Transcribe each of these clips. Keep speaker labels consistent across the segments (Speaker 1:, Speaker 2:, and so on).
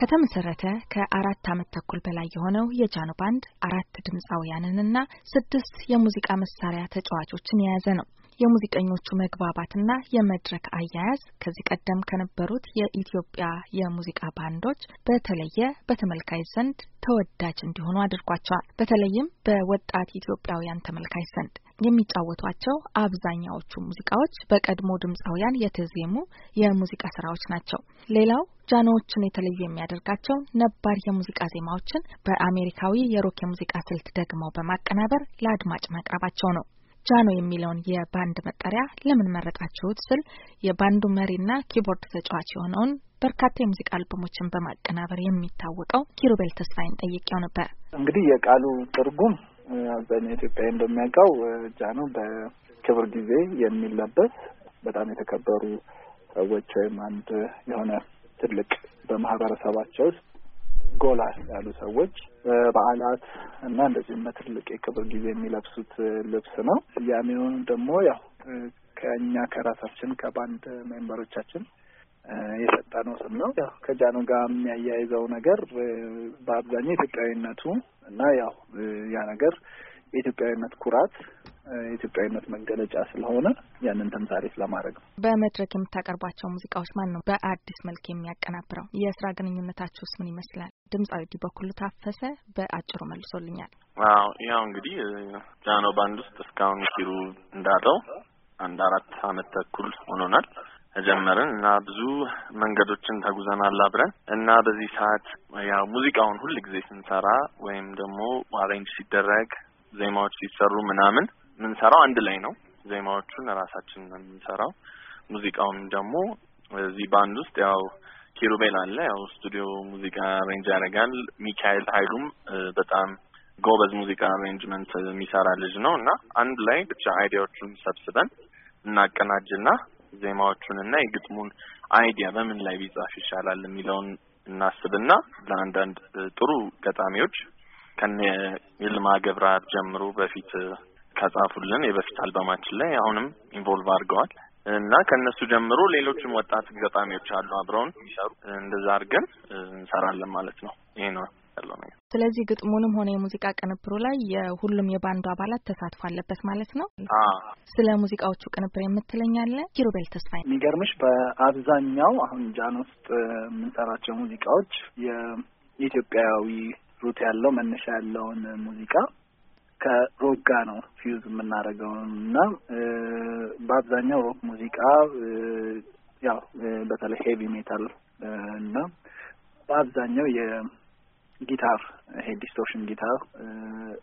Speaker 1: ከተመሰረተ ከአራት ዓመት ተኩል በላይ የሆነው የጃኖ ባንድ አራት ድምፃውያንንና ስድስት የሙዚቃ መሳሪያ ተጫዋቾችን የያዘ ነው። የሙዚቀኞቹ መግባባትና የመድረክ አያያዝ ከዚህ ቀደም ከነበሩት የኢትዮጵያ የሙዚቃ ባንዶች በተለየ በተመልካች ዘንድ ተወዳጅ እንዲሆኑ አድርጓቸዋል። በተለይም በወጣት ኢትዮጵያውያን ተመልካች ዘንድ የሚጫወቷቸው አብዛኛዎቹ ሙዚቃዎች በቀድሞ ድምፃውያን የተዜሙ የሙዚቃ ስራዎች ናቸው። ሌላው ጃኖዎችን የተለዩ የሚያደርጋቸው ነባር የሙዚቃ ዜማዎችን በአሜሪካዊ የሮክ የሙዚቃ ስልት ደግመው በማቀናበር ለአድማጭ ማቅረባቸው ነው። ጃኖ የሚለውን የባንድ መጠሪያ ለምን መረጣችሁት ስል የባንዱ መሪና ኪቦርድ ተጫዋች የሆነውን በርካታ የሙዚቃ አልበሞችን በማቀናበር የሚታወቀው ኪሩቤል ተስፋዬን ጠይቄው ነበር።
Speaker 2: እንግዲህ የቃሉ ትርጉም አብዛኛው ኢትዮጵያ እንደሚያውቀው ጃኖ በክብር ጊዜ የሚለበስ በጣም የተከበሩ ሰዎች ወይም አንድ የሆነ ትልቅ በማህበረሰባቸው ውስጥ ጎላ ያሉ ሰዎች በበዓላት እና እንደዚህም በትልቅ የክብር ጊዜ የሚለብሱት ልብስ ነው። ስያሜውን ደግሞ ያው ከእኛ ከራሳችን ከባንድ ሜምበሮቻችን የሰጠነው ስም ነው። ያው ከጃኖ ጋር የሚያያይዘው ነገር በአብዛኛው ኢትዮጵያዊነቱ እና ያው ያ ነገር የኢትዮጵያዊነት ኩራት የኢትዮጵያዊነት መገለጫ ስለሆነ ያንን ተምሳሌት ለማድረግ
Speaker 1: ነው። በመድረክ የምታቀርባቸው ሙዚቃዎች ማን ነው በአዲስ መልክ የሚያቀናብረው? የስራ ግንኙነታችሁስ ምን ይመስላል? ድምፃዊ በኩሉ ታፈሰ በአጭሩ መልሶልኛል።
Speaker 2: አዎ
Speaker 3: ያው እንግዲህ ጃኖ ባንድ ውስጥ እስካሁን ኪሩ እንዳለው አንድ አራት አመት ተኩል ሆኖናል ተጀመርን እና ብዙ መንገዶችን ተጉዘናል አብረን እና በዚህ ሰዓት ያው ሙዚቃውን ሁል ጊዜ ስንሰራ ወይም ደግሞ አሬንጅ ሲደረግ ዜማዎች ሲሰሩ ምናምን የምንሰራው አንድ ላይ ነው። ዜማዎቹን ራሳችን ነው የምንሰራው። ሙዚቃውን ደግሞ እዚህ ባንድ ውስጥ ያው ኪሩቤል አለ፣ ያው ስቱዲዮ ሙዚቃ አሬንጅ ያደርጋል። ሚካኤል ኃይሉም በጣም ጎበዝ ሙዚቃ አሬንጅመንት የሚሰራ ልጅ ነው እና አንድ ላይ ብቻ አይዲያዎቹን ሰብስበን እናቀናጅና ዜማዎቹን እና የግጥሙን አይዲያ በምን ላይ ቢጻፍ ይሻላል የሚለውን እናስብና ለአንዳንድ ጥሩ ገጣሚዎች ከነ ይልማ ገብረአብ ጀምሮ በፊት ከጻፉልን የበፊት አልበማችን ላይ አሁንም ኢንቮልቭ አድርገዋል እና ከእነሱ ጀምሮ ሌሎችም ወጣት ገጣሚዎች አሉ አብረውን የሚሰሩ እንደዛ አድርገን እንሰራለን ማለት ነው። ይሄ ነው ያለው ነገር።
Speaker 1: ስለዚህ ግጥሙንም ሆነ የሙዚቃ ቅንብሩ ላይ የሁሉም የባንዱ አባላት ተሳትፎ አለበት ማለት ነው። ስለ ሙዚቃዎቹ ቅንብር የምትለኛለ ኪሩቤል ተስፋ።
Speaker 2: የሚገርምሽ በአብዛኛው አሁን ጃን ውስጥ የምንሰራቸው ሙዚቃዎች የኢትዮጵያዊ ሩት ያለው መነሻ ያለውን ሙዚቃ ከሮክ ጋር ነው ፊውዝ የምናደርገው እና በአብዛኛው ሮክ ሙዚቃ ያው በተለይ ሄቪ ሜታል እና በአብዛኛው የጊታር ይሄ ዲስቶርሽን ጊታር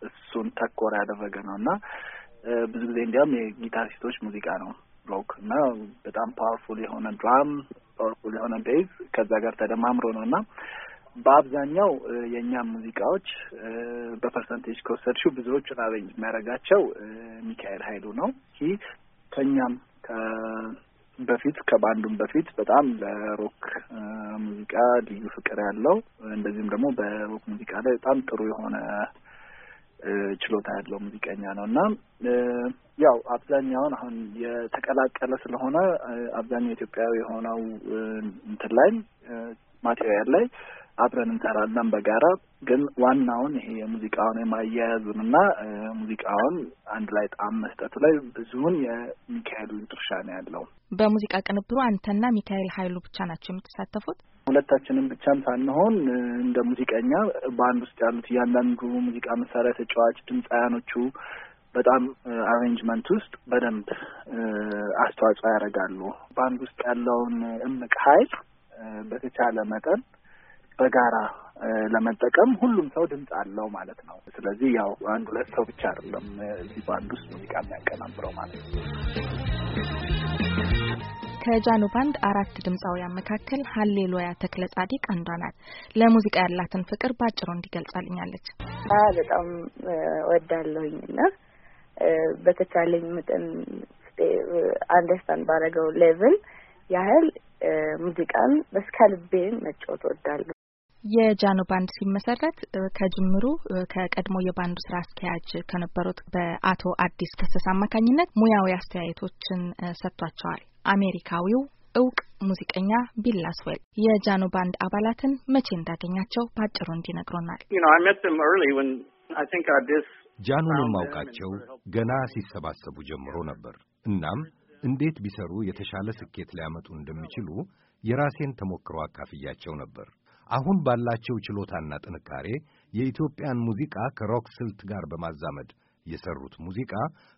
Speaker 2: እሱን ተኮር ያደረገ ነው እና ብዙ ጊዜ እንዲያውም የጊታሪስቶች ሙዚቃ ነው ሮክ እና በጣም ፓወርፉል የሆነ ድራም ፓወርፉል የሆነ ቤዝ ከዛ ጋር ተደማምሮ ነው እና በአብዛኛው የእኛ ሙዚቃዎች በፐርሰንቴጅ ከወሰድሽው ብዙዎቹን አሬንጅ የሚያደርጋቸው ሚካኤል ኃይሉ ነው። ይህ ከእኛም በፊት ከባንዱም በፊት በጣም ለሮክ ሙዚቃ ልዩ ፍቅር ያለው እንደዚሁም ደግሞ በሮክ ሙዚቃ ላይ በጣም ጥሩ የሆነ ችሎታ ያለው ሙዚቀኛ ነው እና ያው አብዛኛውን አሁን የተቀላቀለ ስለሆነ አብዛኛው ኢትዮጵያዊ የሆነው እንትን ላይ ማቴሪያል ላይ አብረን እንሰራለን በጋራ ግን ዋናውን ይሄ የሙዚቃውን የማያያዙን እና ሙዚቃውን አንድ ላይ ጣዕም መስጠቱ ላይ ብዙውን የሚካኤል ድርሻ ነው
Speaker 1: ያለው። በሙዚቃ ቅንብሩ አንተና ሚካኤል ኃይሉ ብቻ ናቸው የምትሳተፉት?
Speaker 2: ሁለታችንም ብቻም ሳንሆን እንደ ሙዚቀኛ በአንድ ውስጥ ያሉት እያንዳንዱ ሙዚቃ መሳሪያ ተጫዋች ድምፃያኖቹ በጣም አሬንጅመንት ውስጥ በደንብ አስተዋጽኦ ያደርጋሉ። በአንድ ውስጥ ያለውን እምቅ ኃይል በተቻለ መጠን በጋራ ለመጠቀም ሁሉም ሰው ድምፅ አለው ማለት ነው። ስለዚህ ያው አንድ ሁለት ሰው ብቻ አይደለም እዚህ ባንድ ውስጥ ሙዚቃ የሚያቀናብረው ማለት ነው።
Speaker 1: ከጃኑ ባንድ አራት ድምፃውያን መካከል ሀሌሉያ ተክለ ጻዲቅ አንዷ ናት። ለሙዚቃ ያላትን ፍቅር በአጭሩ እንዲገልጻልኛለች። በጣም ወዳለሁኝ እና በተቻለኝ መጠን አንደርስታንድ ባረገው ሌቭል ያህል ሙዚቃን በስከልቤ መጫወት ወዳለሁ። የጃኖ ባንድ ሲመሰረት ከጅምሩ ከቀድሞ የባንዱ ስራ አስኪያጅ ከነበሩት በአቶ አዲስ ከሰስ አማካኝነት ሙያዊ አስተያየቶችን ሰጥቷቸዋል። አሜሪካዊው እውቅ ሙዚቀኛ ቢል የጃኖ ባንድ አባላትን መቼ እንዳገኛቸው በአጭሩ እንዲነግሮናል። ጃኖን የማውቃቸው ገና ሲሰባሰቡ ጀምሮ ነበር። እናም እንዴት ቢሰሩ የተሻለ ስኬት ሊያመጡ እንደሚችሉ የራሴን ተሞክሮ አካፍያቸው ነበር። አሁን ባላቸው ችሎታና ጥንካሬ የኢትዮጵያን ሙዚቃ ከሮክ ስልት ጋር በማዛመድ የሰሩት ሙዚቃ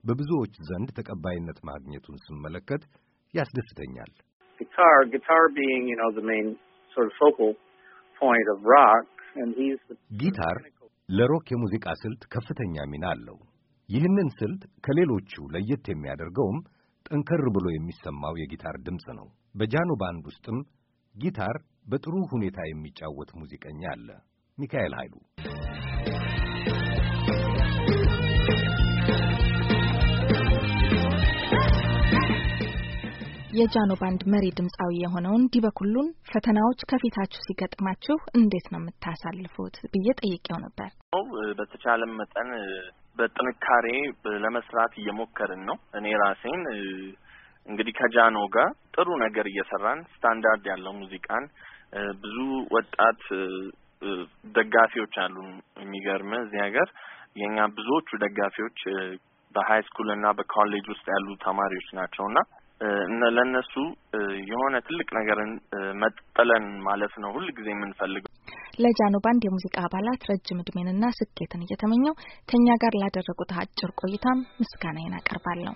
Speaker 1: በብዙዎች ዘንድ ተቀባይነት ማግኘቱን ስመለከት ያስደስተኛል። ጊታር ለሮክ የሙዚቃ ስልት ከፍተኛ ሚና አለው። ይህንን ስልት ከሌሎቹ ለየት የሚያደርገውም ጠንከር ብሎ የሚሰማው የጊታር ድምፅ ነው። በጃኖ ባንድ ውስጥም ጊታር በጥሩ ሁኔታ የሚጫወት ሙዚቀኛ አለ። ሚካኤል ኃይሉ የጃኖ ባንድ መሪ ድምፃዊ የሆነውን ዲበኩሉን ፈተናዎች ከፊታችሁ ሲገጥማችሁ እንዴት ነው የምታሳልፉት ብዬ ጠይቄው ነበር።
Speaker 3: በተቻለም መጠን በጥንካሬ ለመስራት እየሞከርን ነው። እኔ ራሴን እንግዲህ ከጃኖ ጋር ጥሩ ነገር እየሰራን ስታንዳርድ ያለው ሙዚቃን ብዙ ወጣት ደጋፊዎች አሉ። የሚገርም እዚህ ሀገር የኛ ብዙዎቹ ደጋፊዎች በሀይ ስኩል እና በኮሌጅ ውስጥ ያሉ ተማሪዎች ናቸው እና ለእነሱ የሆነ ትልቅ ነገርን መጠለን ማለት ነው ሁል ጊዜ የምንፈልገው።
Speaker 1: ለጃኖ ባንድ የሙዚቃ አባላት ረጅም እድሜንና ስኬትን እየተመኘው ከእኛ ጋር ላደረጉት አጭር ቆይታም ምስጋናዬን አቀርባለሁ።